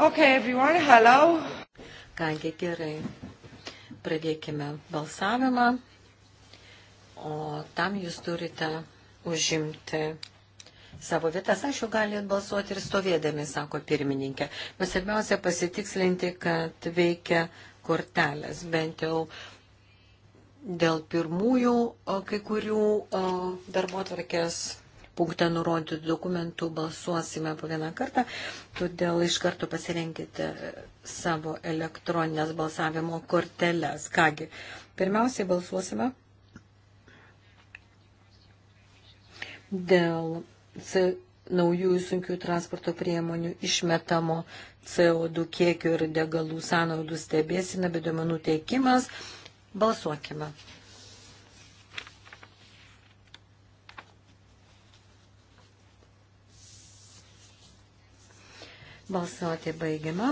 Okay, everyone, hello. Kągi gerai, pradėkime balsavimą, o tam jūs turite užimti savo vietas. Aišku, galite balsuoti ir stovėdami, sako pirmininkė. Bet svarbiausia pasitikslinti, kad veikia kortelės, bent jau dėl pirmųjų kai kurių darbo tvarkės punktą nurodytų dokumentų balsuosime po vieną kartą, todėl iš karto pasirenkite savo elektroninės balsavimo korteles. Kągi, pirmiausiai balsuosime dėl C naujųjų sunkių transporto priemonių išmetamo CO2 kiekio ir degalų sąnaudų stebėsime, bet duomenų teikimas. Balsuokime. Balsuoti baigiama.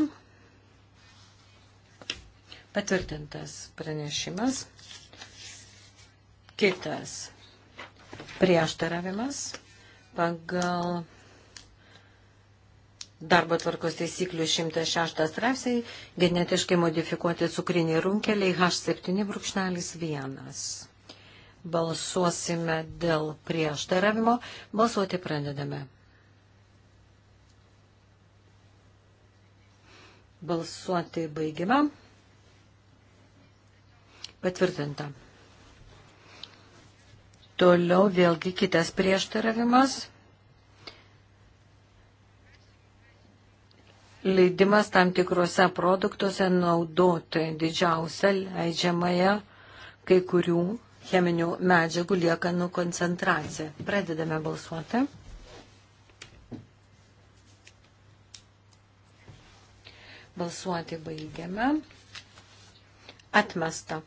Patvirtintas pranešimas. Kitas prieštaravimas pagal darbo tvarkos taisyklių 106 straipsniai genetiškai modifikuoti cukriniai runkeliai H7.1. Balsuosime dėl prieštaravimo. Balsuoti pradedame. Balsuoti baigime. Patvirtinta. Toliau vėlgi kitas prieštaravimas. Leidimas tam tikrose produktuose naudoti didžiausią leidžiamąją kai kurių cheminių medžiagų liekanų koncentraciją. Pradedame balsuoti. Balsuoti baigiame. Atmesta.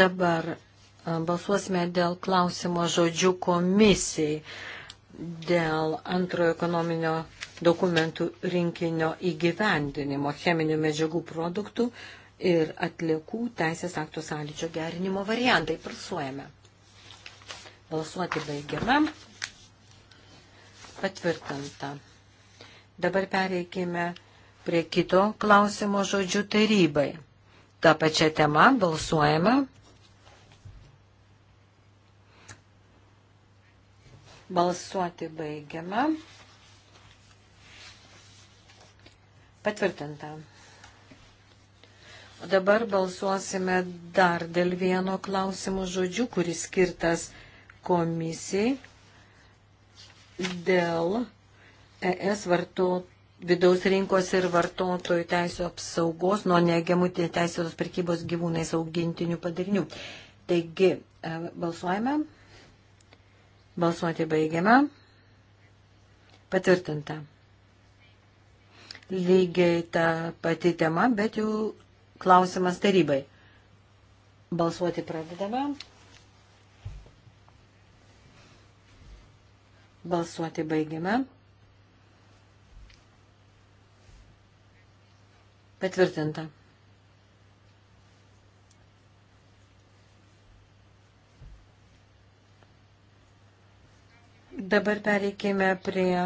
Dabar balsuosime dėl klausimo žodžių komisijai dėl antrojo ekonominio dokumentų rinkinio įgyvendinimo cheminių medžiagų produktų ir atliekų teisės aktų sąlyčio gerinimo variantai. Prasuojame. Balsuoti baigiame. Patvirtinta. Dabar pereikime prie kito klausimo žodžių tarybai. Ta pačia tema balsuojame. Balsuoti baigiama. Patvirtinta. O dabar balsuosime dar dėl vieno klausimo žodžių, kuris skirtas komisijai dėl ES vartotojų vidaus rinkos ir vartotojų teisų apsaugos nuo negiamų teisėtos prekybos gyvūnais augintinių padarinių. Taigi, e, balsuojame. Balsuoti baigiame. Patvirtinta. Lygiai ta pati tema, bet jau klausimas tarybai. Balsuoti pradedame. Balsuoti baigiame. Patvirtinta. Dabar pereikime prie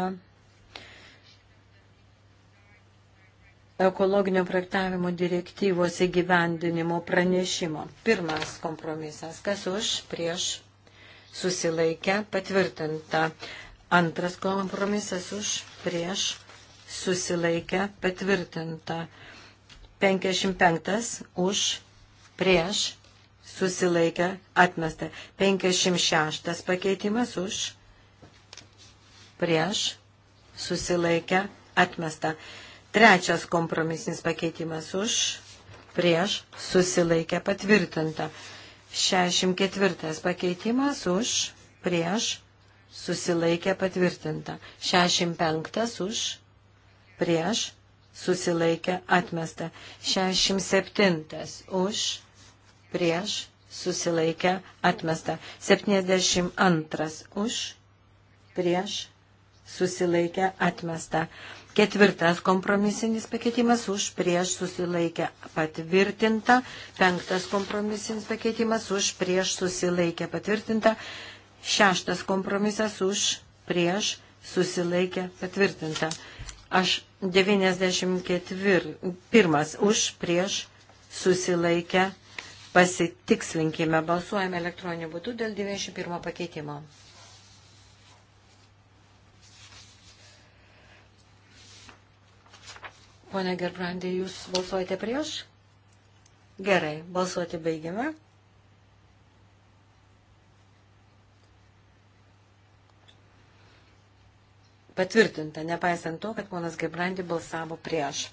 ekologinio projektavimo direktyvos įgyvendinimo pranešimo. Pirmas kompromisas. Kas už, prieš, susilaikę, patvirtinta. Antras kompromisas už, prieš, susilaikę, patvirtinta. 55 už, prieš, susilaikę, atmesta. 56 pakeitimas už, prieš, susilaikę, atmesta. Trečias kompromisinis pakeitimas už, prieš, susilaikę, patvirtinta. 64 pakeitimas už, prieš, susilaikę, patvirtinta. 65 už, prieš, susilaikę, atmesta. 67 už, prieš, susilaikę, atmesta. 72 už, prieš, susilaikę atmesta. Ketvirtas kompromisinis pakeitimas už prieš susilaikę patvirtinta. Penktas kompromisinis pakeitimas už prieš susilaikę patvirtinta. Šeštas kompromisas už prieš susilaikę patvirtinta. Aš 94. Pirmas už prieš susilaikę pasitikslinkime. Balsuojame elektroniniu būdu dėl 91 pakeitimo. Pone Gerbrandė, jūs balsuojate prieš? Gerai, balsuoti baigiame. Patvirtinta, nepaisant to, kad ponas Gerbrandė balsavo prieš.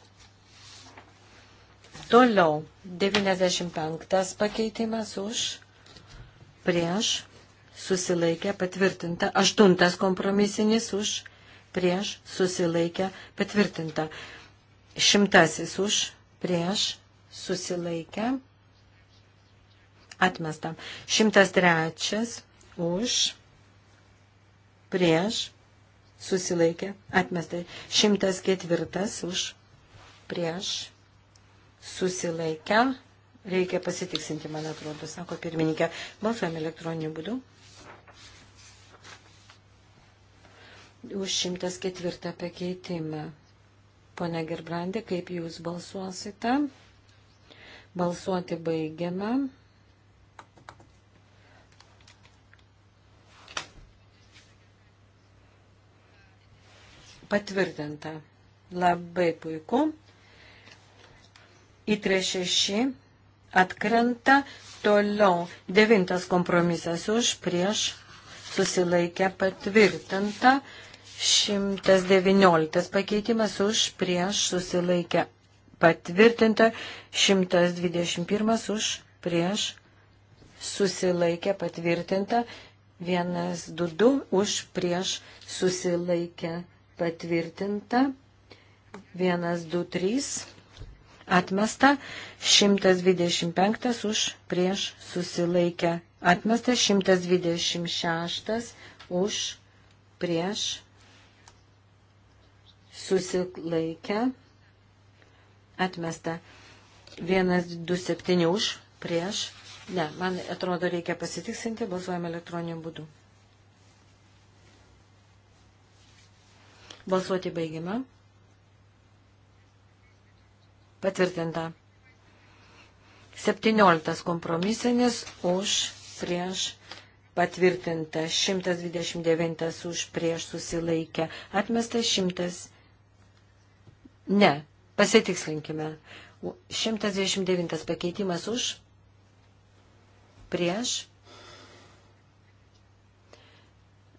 Toliau, 95 pakeitimas už, prieš, susilaikė, patvirtinta, 8 kompromisinis už, prieš, susilaikė, patvirtinta. Šimtasis už, prieš, susilaikę, atmesta. Šimtas trečias už, prieš, susilaikė, atmesta. Šimtas ketvirtas už, prieš, susilaikę, reikia pasitiksinti, man atrodo, sako pirmininkė. Balsuojame elektroniniu būdu. Už šimtas ketvirtą pakeitimą. Pone Gerbrandė, kaip jūs balsuosite? Balsuoti baigiame. Patvirtinta. Labai puiku. Į 36 atkrenta toliau. Devintas kompromisas už prieš susilaikę patvirtinta. 119 pakeitimas už prieš susilaikę patvirtinta, 121 už prieš susilaikę patvirtinta, 122 už prieš susilaikę patvirtinta, 123 atmesta, 125 už prieš susilaikę atmesta, 126 už prieš susilaikę, atmesta. 127 už, prieš. Ne, man atrodo, reikia pasitiksinti, balsuojame elektroniniu būdu. Balsuoti baigiame. Patvirtinta. 17 kompromisinis už, prieš patvirtinta, 129 už prieš susilaikę, atmestas 100. Ne, pasitikslinkime. 129 pakeitimas už, prieš.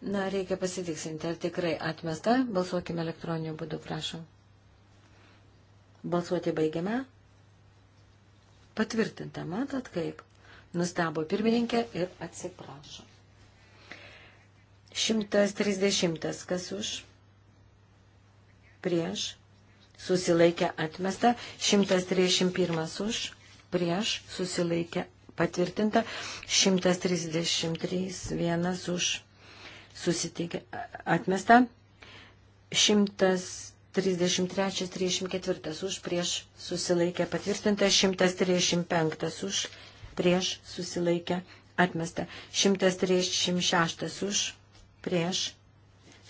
Na, reikia pasitiksinti, ar tikrai atmesta. Balsuokime elektroniniu būdu, prašom. Balsuoti baigiame. Patvirtinta, matot kaip. Nustabo pirmininkė ir atsiprašo. 130. Kas už? Prieš susilaikė atmesta, 131 už, prieš susilaikė patvirtinta, 133 vienas už susitikė atmesta, 133, 34 už, prieš susilaikė patvirtinta, 135 už, prieš susilaikė atmesta, 136 už, prieš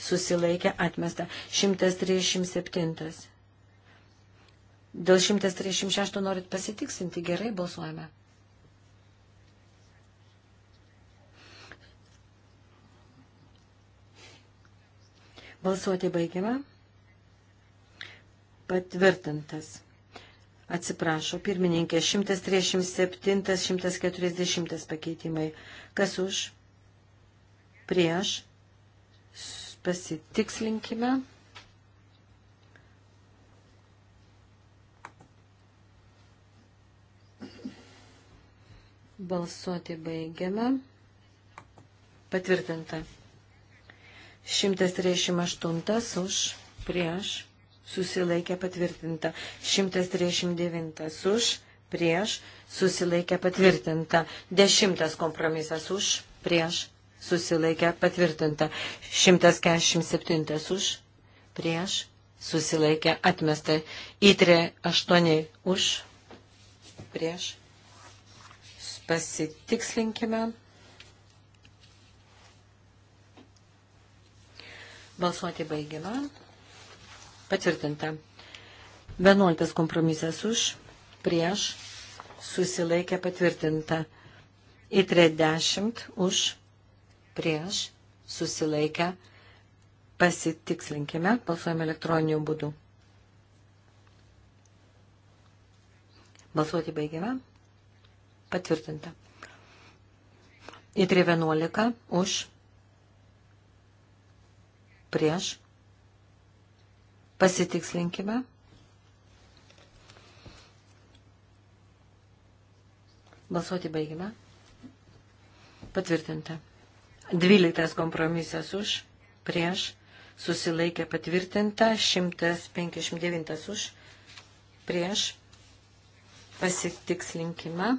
susilaikė atmesta, 137 Dėl 136 norit pasitiksinti, gerai balsuojame. Balsuoti baigiame. Patvirtintas. Atsiprašau, pirmininkė, 137-140 pakeitimai. Kas už? Prieš? Pasitikslinkime. Balsuoti baigiame. Patvirtinta. 138 už prieš susilaikė patvirtinta. 139 už prieš susilaikė patvirtinta. 10 kompromisas už prieš susilaikė patvirtinta. 147 už prieš susilaikė atmesta. Įtrė 8 už prieš pasitikslinkime. Balsuoti baigime. Patvirtinta. 11 kompromisas už, prieš, susilaikė patvirtinta. Į 30 už, prieš, susilaikę, pasitikslinkime, balsuojame elektroniniu būdu. Balsuoti baigime. Patvirtinta. Įtrė 11 už prieš. Pasitikslinkime. Balsuoti baigime. Patvirtinta. Dvyliktas kompromisas už, prieš, susilaikė patvirtinta, 159 už, prieš, pasitikslinkime.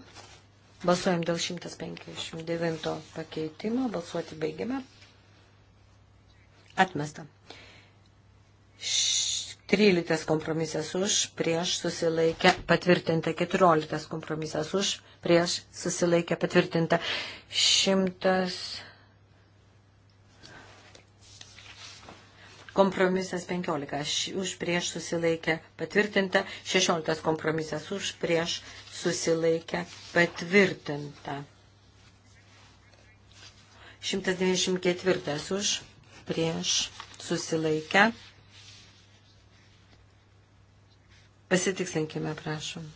Balsuojam dėl 159 pakeitimo. Balsuoti baigiame. Atmesta. 13 kompromisas už, prieš susilaikę patvirtinta, 14 kompromisas už, prieš susilaikę patvirtinta, 100. Kompromisas 15 už prieš susilaikę patvirtinta. 16 kompromisas už prieš susilaikę patvirtinta. 194 už prieš susilaikę. Pasitikslinkime, prašom.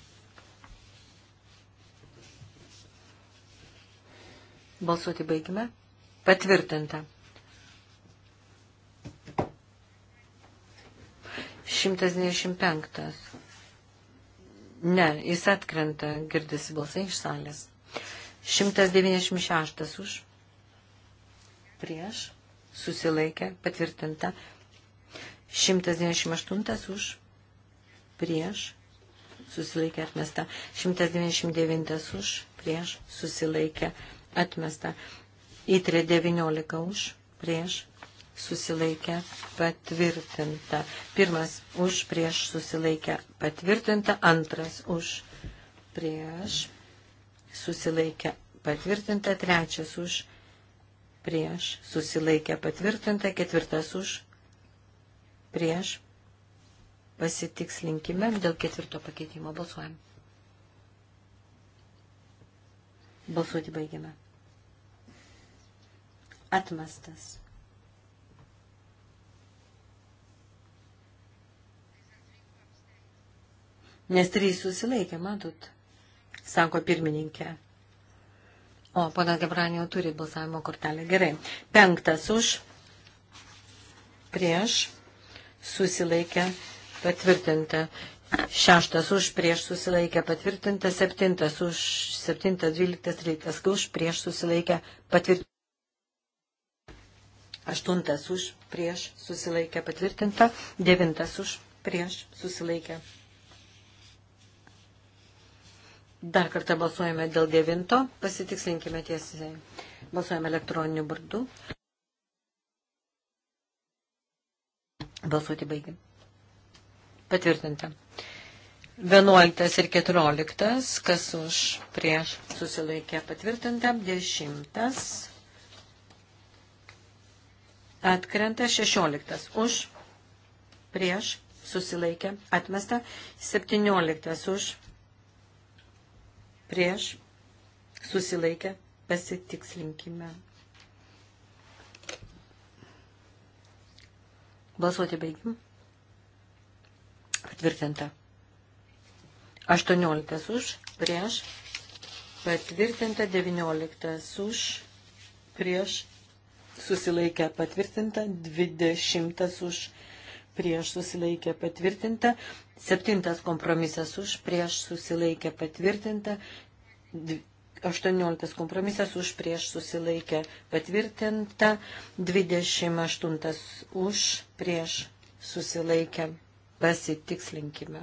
Balsuoti baigime. Patvirtinta. 125. Ne, jis atkrenta, girdisi balsai iš salės. 196 už. Prieš. Susilaikė. Patvirtinta. 198 už. Prieš. Susilaikė atmesta. 199 už. Prieš. Susilaikė atmesta. Įtrė 19 už. Prieš susilaikę patvirtinta. Pirmas už prieš susilaikę patvirtinta, antras už prieš susilaikę patvirtinta, trečias už prieš susilaikę patvirtinta, ketvirtas už prieš pasitikslinkime dėl ketvirto pakeitimo balsuojam. Balsuoti baigiame. Atmestas. nes trys susilaikė, matot, sako pirmininkė. O, ponas Gebran jau turi balsavimo kortelę. Gerai. Penktas už, prieš, susilaikė, patvirtinta. Šeštas už, prieš, susilaikė, patvirtinta. Septintas už, septintas, dvyliktas, tryliktas, už, prieš, susilaikė, patvirtinta. Aštuntas už, prieš, susilaikė, patvirtinta. Devintas už, prieš, susilaikė, patvirtinta Dar kartą balsuojame dėl devinto, pasitikslinkime tiesiai. Balsuojame elektroniniu vardu. Balsuoti baigiam. Patvirtinta. 11 ir 14, kas už prieš susilaikė patvirtinta, 10. Atkrenta 16, už prieš susilaikė atmesta, 17 už prieš susilaikę pasitikslinkime. Balsuoti baigim. Patvirtinta. 18 už, prieš, patvirtinta 19 už, prieš, susilaikę patvirtinta 20 už, prieš susilaikę patvirtinta, septintas kompromisas už, prieš susilaikę patvirtinta, aštuonioliktas kompromisas už, prieš susilaikę patvirtinta, dvidešimt aštuntas už, prieš susilaikę pasitikslinkime.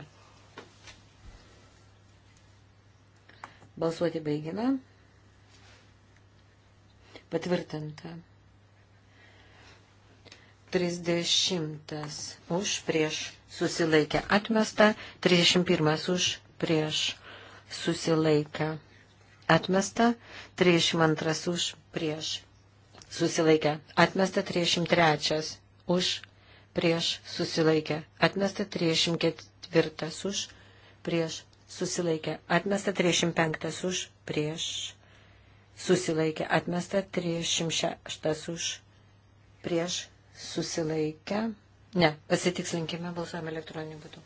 Balsuoti baigime. Patvirtinta. 30 už prieš susilaikę atmesta, 31 už prieš susilaikę atmesta, 32 už prieš susilaikę atmesta, 33 už prieš susilaikę atmesta, 34 už prieš susilaikę atmesta, 35 už prieš susilaikę atmesta, 36 už prieš susilaikę. Ne, pasitikslinkime, balsuojame elektroniniu būdu.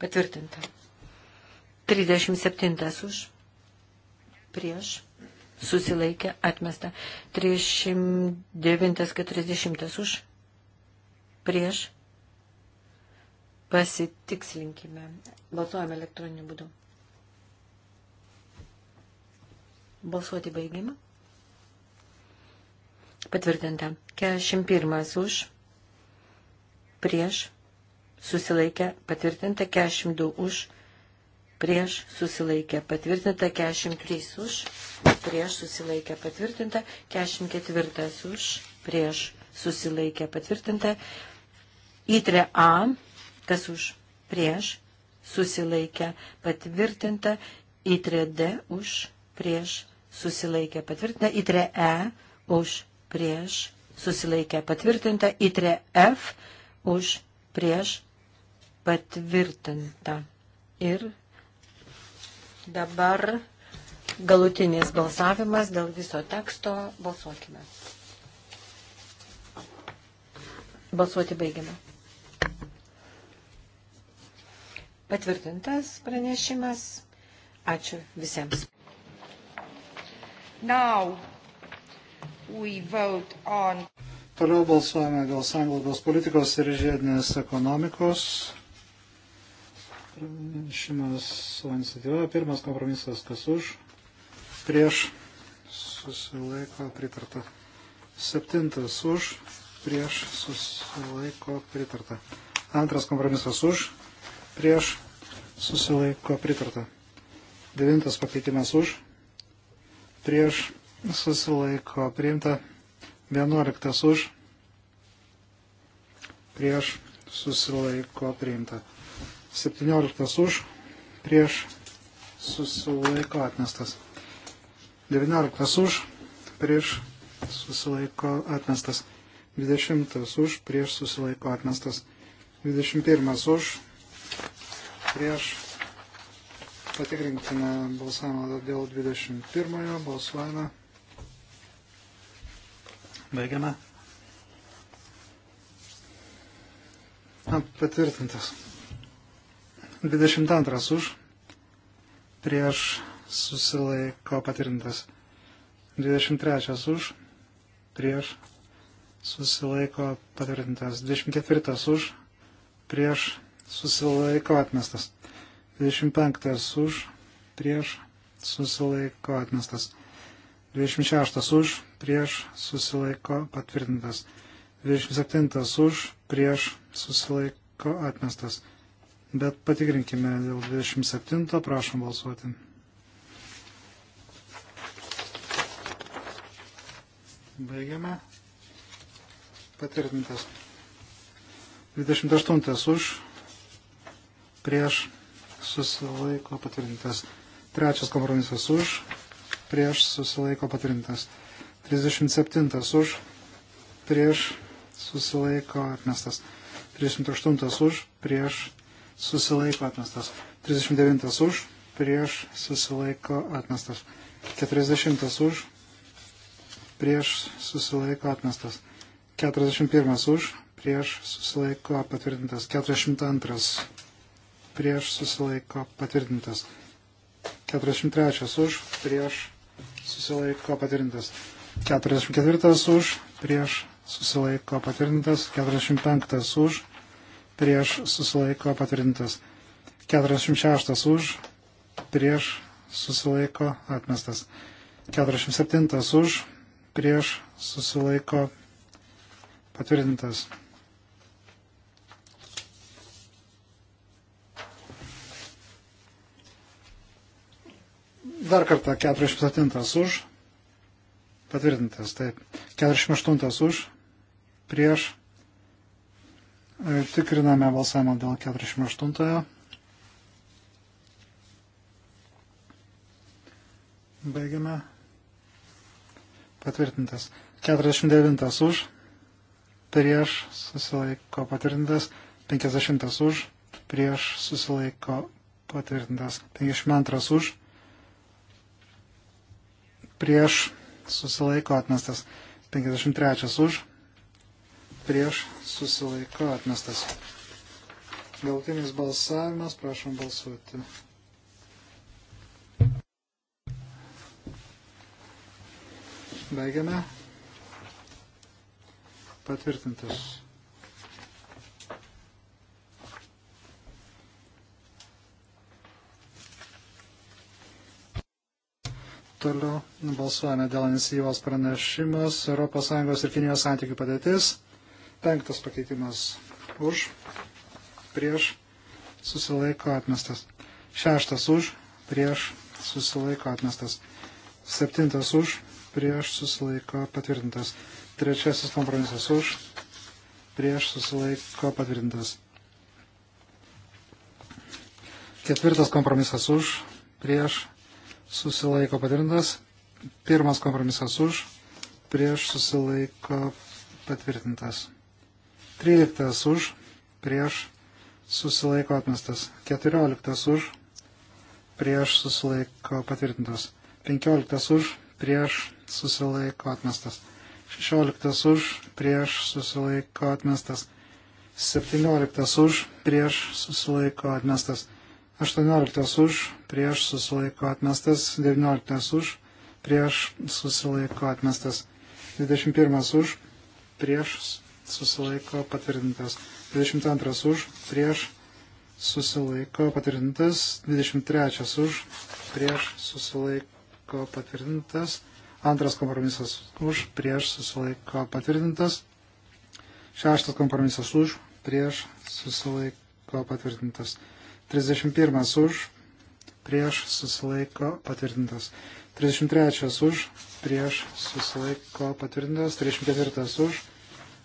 Patvirtinta. 37 už, prieš, susilaikė, atmesta. 39-40 už, prieš, pasitikslinkime, balsuojame elektroniniu būdu. Balsuoti baigimą. Patvirtinta. 41 už, prieš, susilaikę, patvirtinta. 42 už, prieš, susilaikę, patvirtinta. 43 už, prieš, susilaikę, patvirtinta. 44 už, prieš, susilaikę, patvirtinta. Įtre A, kas už, prieš, susilaikę, patvirtinta. Įtre D už, prieš, susilaikė patvirtinta, itre E už prieš susilaikė patvirtinta, itre F už prieš patvirtinta. Ir dabar galutinis balsavimas dėl viso teksto. Balsuokime. Balsuoti baigiame. Patvirtintas pranešimas. Ačiū visiems. Now we vote on. Toliau balsuojame dėl sanglaudos politikos ir žiedinės ekonomikos. Pranešimas savo iniciatyva. Pirmas kompromisas, kas už, prieš, susilaiko pritarta. Septintas už, prieš, susilaiko pritarta. Antras kompromisas už, prieš, susilaiko pritarta. Devintas pakeitimas už, prieš susilaiko priimta, 11 už, prieš susilaiko priimta, 17 už, prieš susilaiko atmestas, 19 už, prieš susilaiko atmestas, 20 už, prieš susilaiko atmestas, 21 už, prieš patikrinkime balsavimą dėl 21. Balsuojame. Baigiame. Patvirtintas. 22 už. Prieš susilaiko patvirtintas. 23 už. Prieš susilaiko patvirtintas. 24 už. Prieš susilaiko atmestas. 25 už, prieš, susilaiko atmestas. 26 už, prieš, susilaiko patvirtintas. 27 už, prieš, susilaiko atmestas. Bet patikrinkime dėl 27, prašom balsuoti. Baigiame. Patvirtintas. 28 už, prieš, susilaiko patvirtintas. Trečias kompromisas už, prieš susilaiko patvirtintas. 37 už, prieš susilaiko atmestas. 38 už, prieš susilaiko atmestas. 39 už, prieš susilaiko atmestas. 40 už, prieš susilaiko atmestas. 41 už, prieš susilaiko patvirtintas. 42 prieš susilaiko patvirtintas. 43 už, prieš susilaiko patvirtintas. 44 už, prieš susilaiko patvirtintas. 45 už, prieš susilaiko patvirtintas. 46 už, prieš susilaiko atmestas. 47 už, prieš susilaiko patvirtintas. Dar kartą 47 už. Patvirtintas, taip. 48 už. Prieš. E, tikriname balsavimą dėl 48. Baigiame. Patvirtintas. 49 už. Prieš susilaiko patvirtintas. 50 už. Prieš susilaiko patvirtintas. 52 už prieš susilaiko atmestas. 53 už, prieš susilaiko atmestas. Galtinis balsavimas, prašom balsuoti. Baigiame. Patvirtintas. Toliau balsuojame dėl inicijuos pranešimus ES ir Kinijos santykių padėtis. Penktas pakeitimas už, prieš, susilaiko atmestas. Šeštas už, prieš, susilaiko atmestas. Septintas už, prieš, susilaiko patvirtintas. Trečiasis kompromisas už, prieš, susilaiko patvirtintas. Ketvirtas kompromisas už, prieš, susilaiko patvirtintas. Pirmas kompromisas už, prieš susilaiko patvirtintas. Tryliktas už, prieš susilaiko atmestas. Keturioliktas už, prieš susilaiko patvirtintas. Penkioliktas už, prieš susilaiko atmestas. Šešioliktas už, prieš susilaiko atmestas. Septynioliktas už, prieš susilaiko atmestas. 18 už, prieš susilaiko atmestas, 19 už, prieš susilaiko atmestas, 21 už, prieš susilaiko patvirtintas, 22 už, prieš susilaiko patvirtintas, 23 už, prieš susilaiko patvirtintas, antras kompromisas už, prieš susilaiko patvirtintas, šeštas kompromisas už, prieš susilaiko patvirtintas. 31 už, prieš susilaiko patvirtintas. 33 už, prieš susilaiko patvirtintas. 34 už,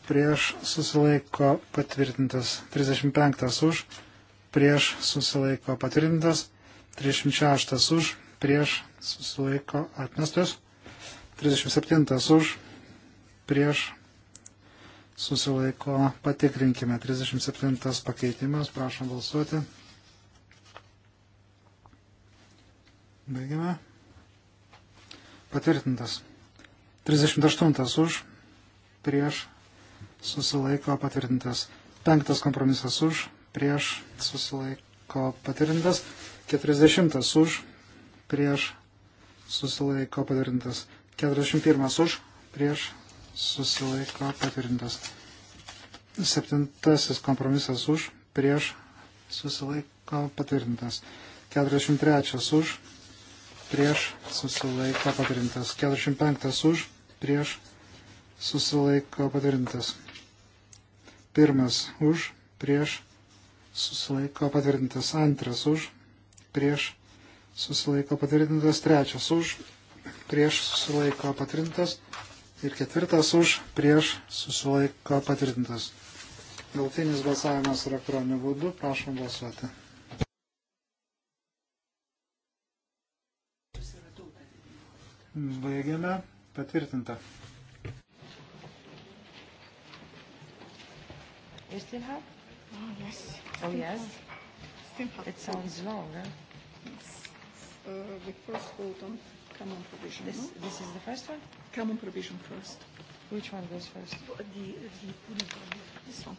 prieš susilaiko patvirtintas. 35 už, prieš susilaiko patvirtintas. 36 už, prieš susilaiko atmestas. 37 už, prieš susilaiko patikrinkime. 37 pakeitimas, prašom balsuoti. Baigiame. Patvirtintas. 38 už, prieš, susilaiko patvirtintas. 5 kompromisas už, prieš, susilaiko patvirtintas. 40 už, prieš, susilaiko patvirtintas. 41 už, prieš, susilaiko patvirtintas. 7 kompromisas už, prieš, susilaiko patvirtintas. 43 už, prieš susilaiko patvirtintas. 45 už, prieš susilaiko patvirtintas. Pirmas už, prieš susilaiko patvirtintas. Antras už, prieš susilaiko patvirtintas. Trečias už, prieš susilaiko patvirtintas. Ir ketvirtas už, prieš susilaiko patvirtintas. Galtinis balsavimas elektroniniu būdu, prašom balsuoti. Baigiame. Patvirtinta. You still have? Oh, yes. Oh, yes? Still have. It sounds long, huh? Yes. Uh, we first vote on common provision. This, no? this is the first one? Common provision first. Which one goes first? The, the, this one.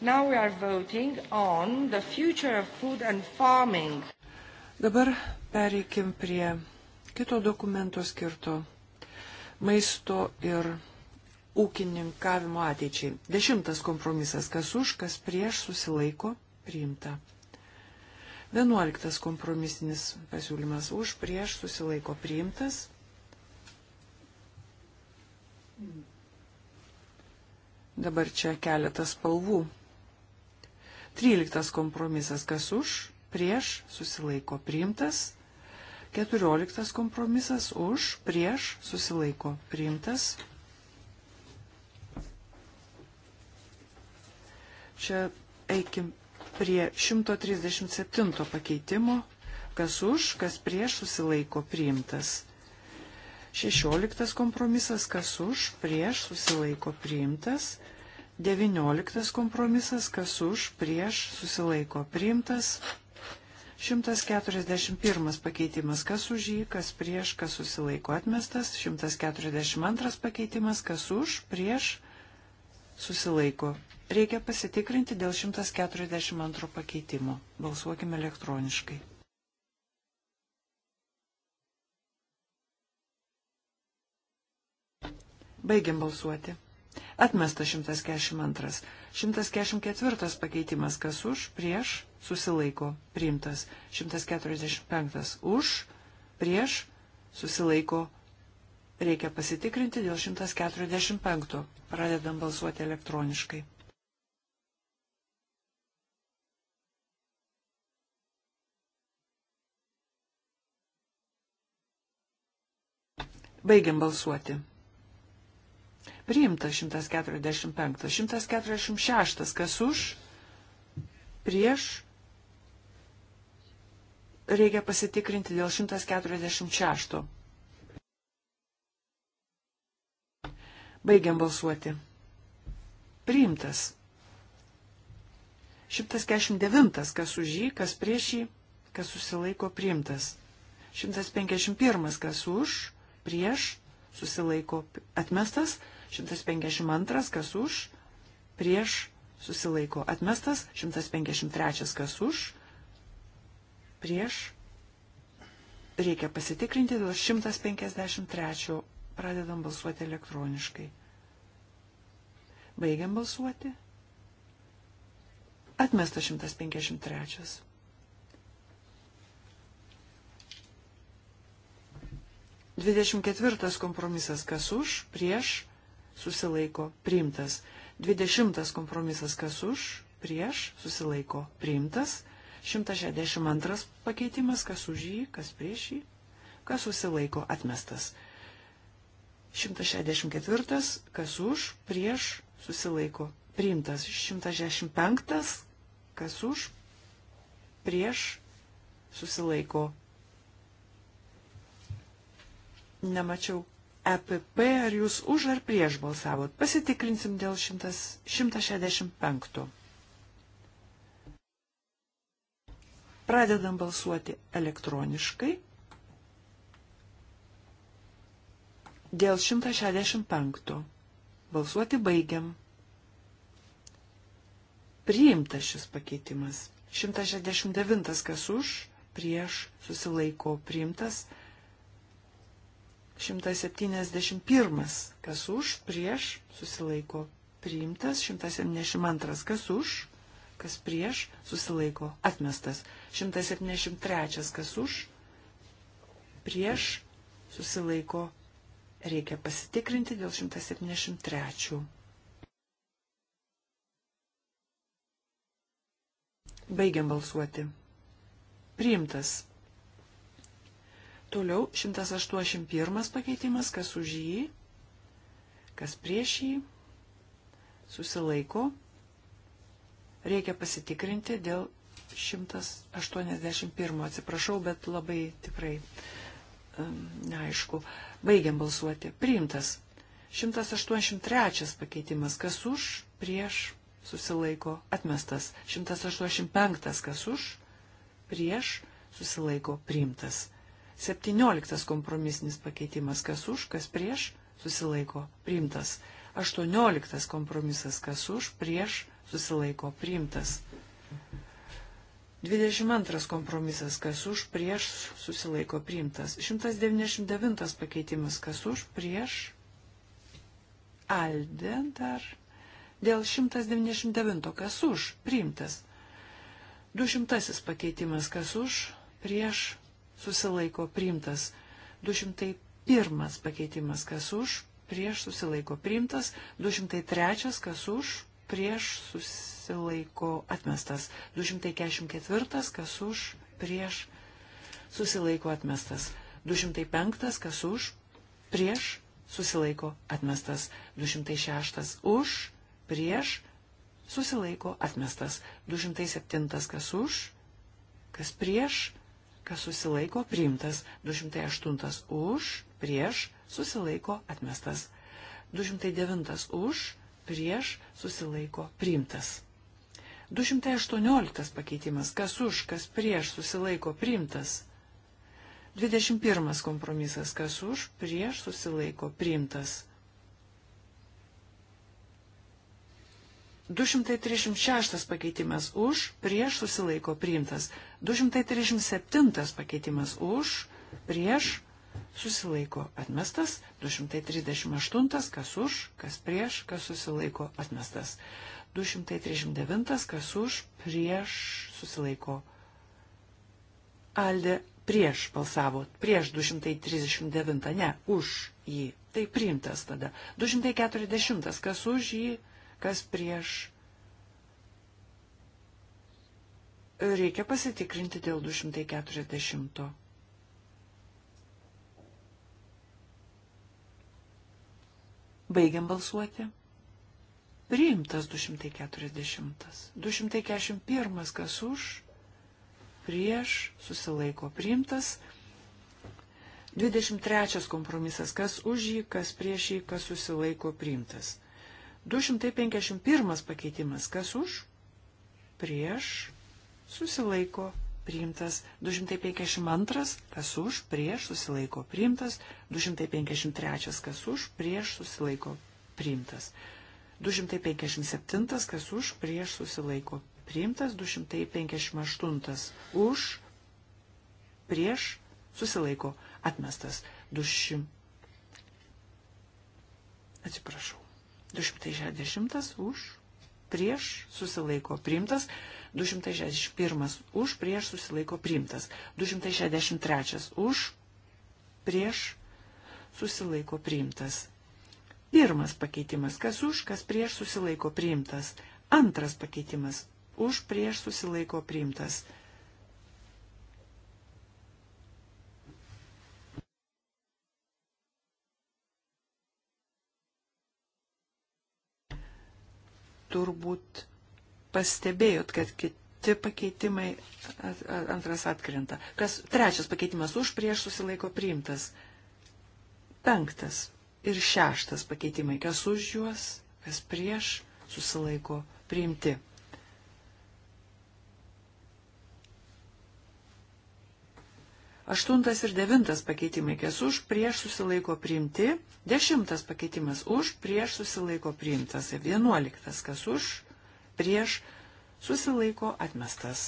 Now we are voting on the future of food and farming. Dabar pereikim prie kito dokumento skirto maisto ir ūkininkavimo ateičiai. Dešimtas kompromisas, kas už, kas prieš susilaiko, priimta. Vienuoliktas kompromisinis pasiūlymas už, prieš susilaiko, priimtas. Dabar čia keletas spalvų. Tryliktas kompromisas, kas už, prieš susilaiko, priimtas. Keturioliktas kompromisas už, prieš, susilaiko, priimtas. Čia eikim prie 137 pakeitimo, kas už, kas prieš susilaiko priimtas. 16 kompromisas, kas už, prieš susilaiko priimtas. 19 kompromisas, kas už, prieš susilaiko priimtas. 141 pakeitimas, kas už jį, kas prieš, kas susilaiko atmestas. 142 pakeitimas, kas už, prieš, susilaiko. Reikia pasitikrinti dėl 142 pakeitimo. Balsuokime elektroniškai. Baigiam balsuoti. Atmestas 142. 144 pakeitimas, kas už, prieš, susilaiko priimtas. 145 už, prieš susilaiko reikia pasitikrinti dėl 145. Pradedam balsuoti elektroniškai. Baigiam balsuoti. Priimta 145. 146. Kas už? Prieš reikia pasitikrinti dėl 146. Baigiam balsuoti. Priimtas. 149. Kas už jį, kas prieš jį, kas susilaiko priimtas. 151. Kas už, prieš, susilaiko atmestas. 152. Kas už, prieš, susilaiko atmestas. 153. Kas už, prieš. Reikia pasitikrinti dėl 153. Pradedam balsuoti elektroniškai. Baigiam balsuoti. Atmesta 153. Dvidešimt ketvirtas kompromisas kas už, prieš, susilaiko, priimtas. Dvidešimtas kompromisas kas už, prieš, susilaiko, priimtas. 162 pakeitimas, kas už jį, kas prieš jį, kas susilaiko atmestas. 164, kas už, prieš, susilaiko priimtas. 165, kas už, prieš, susilaiko. Nemačiau EPP, ar jūs už ar prieš balsavot. Pasitikrinsim dėl 100, 165. Pradedam balsuoti elektroniškai dėl 165. Balsuoti baigiam. Priimtas šis pakeitimas. 169 kas už, prieš susilaiko priimtas. 171 kas už, prieš susilaiko priimtas. 172 kas už, kas prieš, susilaiko, atmestas. 173, kas už, prieš, susilaiko, reikia pasitikrinti dėl 173. Baigiam balsuoti. Priimtas. Toliau 181 pakeitimas, kas už jį, kas prieš jį, susilaiko, atmestas Reikia pasitikrinti dėl 181, atsiprašau, bet labai tikrai um, neaišku. Baigiam balsuoti. Priimtas. 183 pakeitimas. Kas už, prieš, susilaiko, atmestas. 185 kas už, prieš, susilaiko, priimtas. 17 kompromisinis pakeitimas kas už, kas prieš, susilaiko, priimtas. 18 kompromisas kas už, prieš, susilaiko priimtas. 22 kompromisas, kas už, prieš, susilaiko priimtas. 199 pakeitimas, kas už, prieš, aldė dar. Dėl 199, kas už, priimtas. 200 pakeitimas, kas už, prieš, susilaiko priimtas. 201 pakeitimas, kas už, prieš, susilaiko priimtas. 203, kas už, prieš susilaiko atmestas. 244, kas už, prieš susilaiko atmestas. 205, kas už, prieš susilaiko atmestas. 206, už, prieš susilaiko atmestas. 207, kas už, kas prieš, kas susilaiko priimtas. 208, už, prieš susilaiko atmestas. 209 už, prieš susilaiko priimtas. 218 pakeitimas, kas už, kas prieš susilaiko priimtas. 21 kompromisas, kas už, prieš susilaiko priimtas. 236 pakeitimas už, prieš susilaiko priimtas. 237 pakeitimas už, prieš susilaiko atmestas, 238, kas už, kas prieš, kas susilaiko atmestas, 239, kas už, prieš, susilaiko. Aldė prieš balsavo, prieš 239, ne, už jį, tai priimtas tada, 240, kas už jį, kas prieš. Reikia pasitikrinti dėl 240. Baigiam balsuoti. Priimtas 240. 241 kas už, prieš, susilaiko priimtas. 23 kompromisas, kas už jį, kas prieš jį, kas susilaiko priimtas. 251 pakeitimas, kas už, prieš, susilaiko priimtas priimtas 252, kas už, prieš susilaiko priimtas, 253, kas už, prieš susilaiko priimtas, 257, kas už, prieš susilaiko priimtas, 258, už, prieš susilaiko atmestas, 200. Atsiprašau. 260 už, prieš susilaiko priimtas, 261 už prieš susilaiko priimtas, 263 už prieš susilaiko priimtas. Pirmas pakeitimas, kas už, kas prieš susilaiko priimtas. Antras pakeitimas, už prieš susilaiko priimtas. turbūt pastebėjot, kad kiti pakeitimai antras atkrenta. Kas trečias pakeitimas už prieš susilaiko priimtas. Penktas ir šeštas pakeitimai. Kas už juos, kas prieš susilaiko priimti. Aštuntas ir devintas pakeitimai, kas už prieš susilaiko priimti. Dešimtas pakeitimas už prieš susilaiko priimtas. Vienuoliktas, kas už prieš susilaiko atmestas.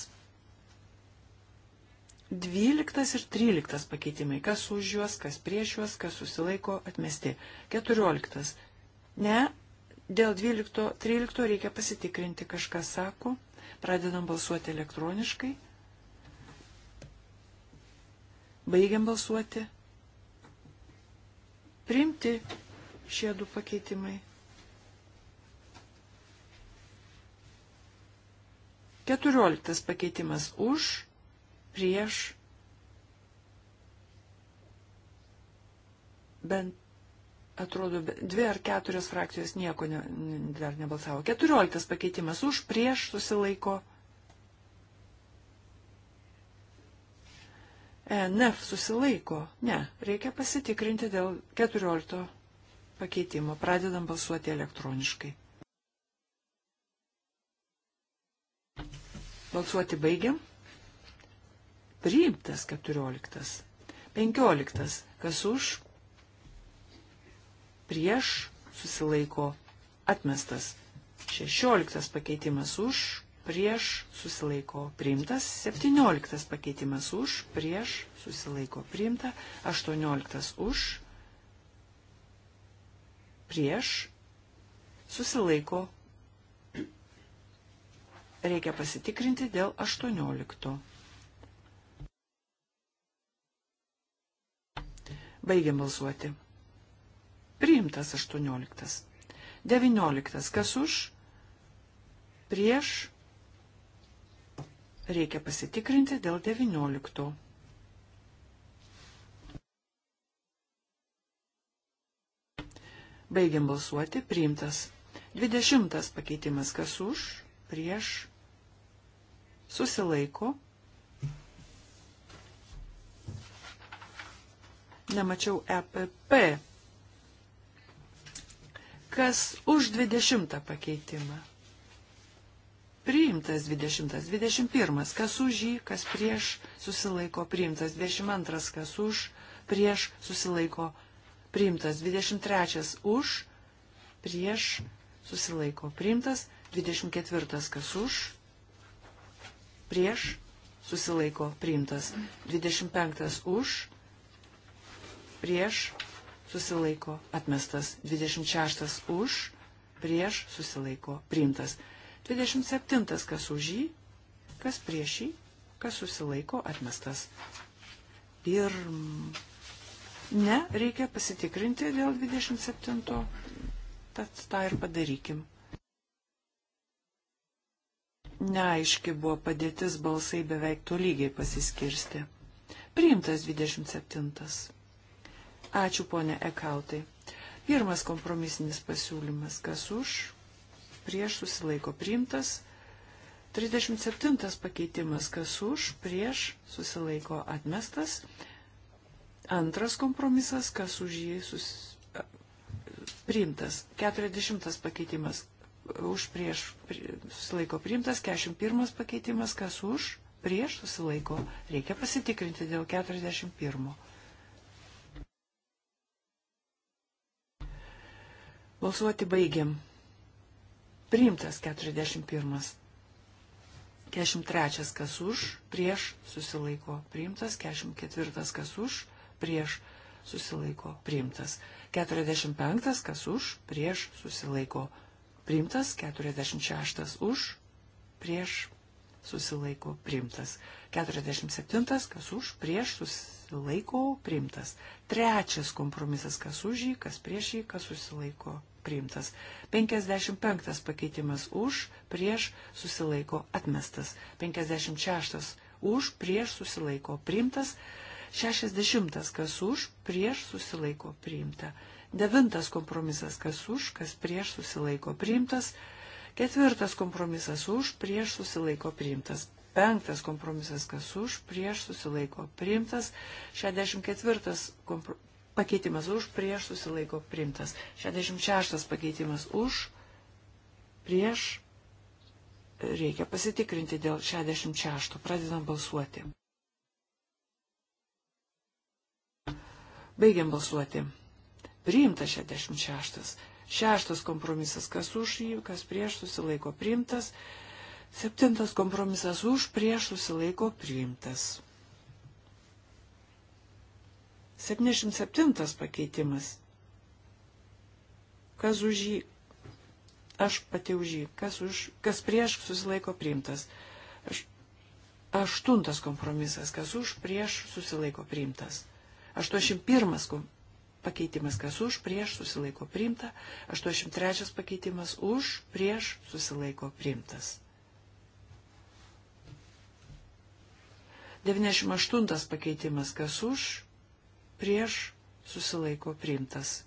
Dvyliktas ir tryliktas pakeitimai, kas už juos, kas prieš juos, kas susilaiko atmesti. Keturioliktas. Ne, dėl dvylikto, trylikto reikia pasitikrinti, kažkas sako. Pradedam balsuoti elektroniškai. Baigiam balsuoti. Priimti šie du pakeitimai. 14 pakeitimas už, prieš, bent, atrodo, dvi ar keturios frakcijos nieko ne, dar nebalsavo. 14 pakeitimas už, prieš, susilaiko, prieš ENF susilaiko. Ne, reikia pasitikrinti dėl 14 pakeitimo. Pradedam balsuoti elektroniškai. Balsuoti baigiam. Priimtas 14. 15. Kas už? Prieš susilaiko atmestas. 16 pakeitimas už, prieš susilaiko priimtas, 17 pakeitimas už, prieš susilaiko priimta, 18 už, prieš susilaiko. Reikia pasitikrinti dėl 18. Baigiam balsuoti. Priimtas 18. 19. Kas už? Prieš Reikia pasitikrinti dėl 19. Baigiam balsuoti, priimtas. 20 pakeitimas kas už, prieš, susilaiko. Nemačiau EPP. Kas už 20 pakeitimą? Priimtas 20, 21, kas už jį, kas prieš, susilaiko priimtas 22, kas už, prieš, susilaiko priimtas 23, už, prieš, susilaiko priimtas 24, kas už, prieš, susilaiko priimtas 25, už, prieš, susilaiko atmestas 26, už, prieš, susilaiko priimtas 25 27. Kas už jį, kas prieš jį, kas susilaiko atmestas. Pirm. Ne, reikia pasitikrinti dėl 27. Tad tą ir padarykim. Neaiški buvo padėtis, balsai beveik tolygiai pasiskirsti. Priimtas 27. Ačiū, ponė Ekautai. Pirmas kompromisinis pasiūlymas. Kas už, prieš susilaiko priimtas. 37 pakeitimas, kas už, prieš susilaiko atmestas. Antras kompromisas, kas už jį sus... priimtas. 40 pakeitimas, už prieš susilaiko priimtas. 41 pakeitimas, kas už, prieš susilaiko. Reikia pasitikrinti dėl 41. Balsuoti baigiam. Priimtas 41. 43. kas už, prieš susilaiko priimtas, 44. kas už, prieš susilaiko priimtas, 45. kas už, prieš susilaiko priimtas, 46. už, prieš susilaiko primtas. 47, kas už, prieš susilaiko primtas. Trečias kompromisas, kas už jį, kas prieš jį, kas susilaiko primtas. 55 pakeitimas už, prieš susilaiko atmestas. 56 už, prieš susilaiko primtas. 60 kas už, prieš susilaiko priimta. Devintas kompromisas kas už, kas prieš susilaiko priimtas. Ketvirtas kompromisas už, prieš susilaiko priimtas. Penktas kompromisas kas už, prieš susilaiko priimtas. 64 kompro... pakeitimas už, prieš susilaiko priimtas. 66 pakeitimas už, prieš. Reikia pasitikrinti dėl 66. Pradedam balsuoti. Baigiam balsuoti. Priimta 66. Šeštas kompromisas, kas už jį, kas prieš susilaiko priimtas. Septintas kompromisas už, prieš susilaiko priimtas. 77 pakeitimas. Kas už jį, aš pati už jį, kas, už, kas prieš susilaiko priimtas. Aš, aštuntas kompromisas, kas už prieš susilaiko priimtas. 81 pakeitimas kas už, prieš susilaiko priimta, 83 pakeitimas už, prieš susilaiko priimtas. 98 pakeitimas kas už, prieš susilaiko priimtas.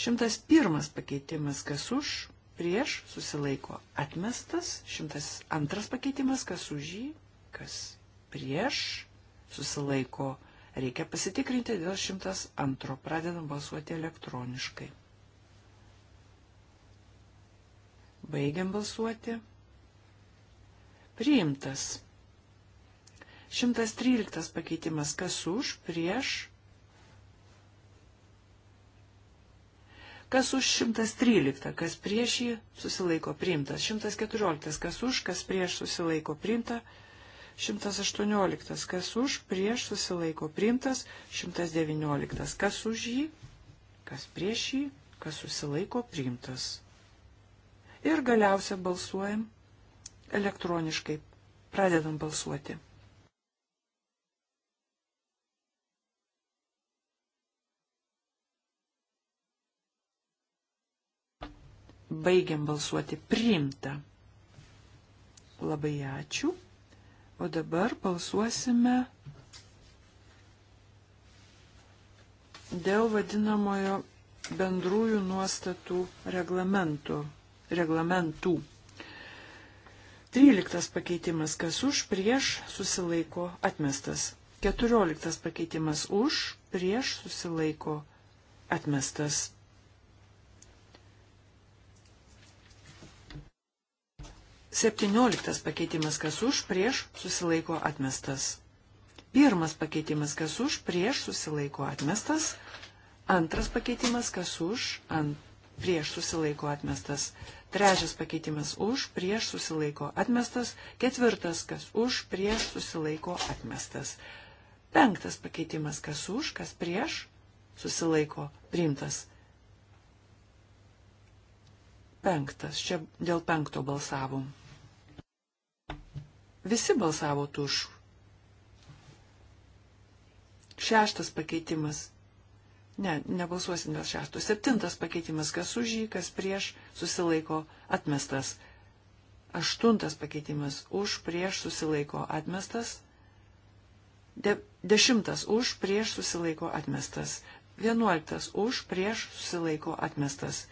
101 pakeitimas kas už, prieš susilaiko atmestas, 102 pakeitimas kas už jį, kas prieš susilaiko. Reikia pasitikrinti dėl 102. Pradedam balsuoti elektroniškai. Baigiam balsuoti. Priimtas. 113 pakeitimas. Kas už, prieš? Kas už 113, kas prieš jį susilaiko priimtas. 114, kas už, kas prieš susilaiko priimtas. 118. Kas už, prieš susilaiko priimtas. 119. Kas už jį, kas prieš jį, kas susilaiko priimtas. Ir galiausia balsuojam elektroniškai. Pradedam balsuoti. Baigiam balsuoti priimta. Labai ačiū. O dabar balsuosime dėl vadinamojo bendrųjų nuostatų reglamentų. reglamentų. 13 pakeitimas, kas už, prieš, susilaiko, atmestas. 14 pakeitimas už, prieš, susilaiko, atmestas. 17 pakeitimas kas už, prieš susilaiko atmestas. Pirmas pakeitimas kas už, prieš susilaiko atmestas. Antras pakeitimas kas už, ant, prieš susilaiko atmestas. Trečias pakeitimas už, prieš susilaiko atmestas. Ketvirtas kas už, prieš susilaiko atmestas. Penktas pakeitimas kas už, kas prieš susilaiko priimtas penktas, čia dėl penkto balsavom. Visi balsavo už. Šeštas pakeitimas. Ne, nebalsuosim dėl šešto. Septintas pakeitimas, kas už jį, kas prieš, susilaiko atmestas. Aštuntas pakeitimas, už, prieš, susilaiko atmestas. De, dešimtas, už, prieš, susilaiko atmestas. Vienuoliktas, už, prieš, susilaiko atmestas.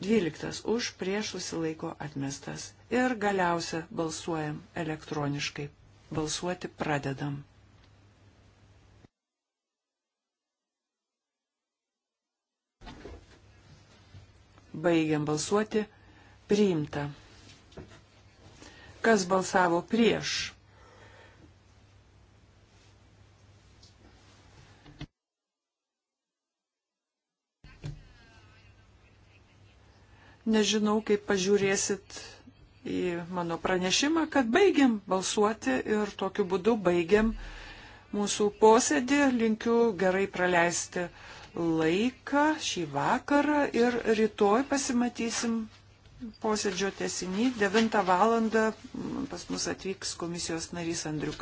12 už prieš susilaiko atmestas. Ir galiausia balsuojam elektroniškai. Balsuoti pradedam. Baigiam balsuoti. Priimta. Kas balsavo prieš? nežinau, kaip pažiūrėsit į mano pranešimą, kad baigiam balsuoti ir tokiu būdu baigiam mūsų posėdį. Linkiu gerai praleisti laiką šį vakarą ir rytoj pasimatysim posėdžio tesinį. 9 val. pas mus atvyks komisijos narys Andriukas.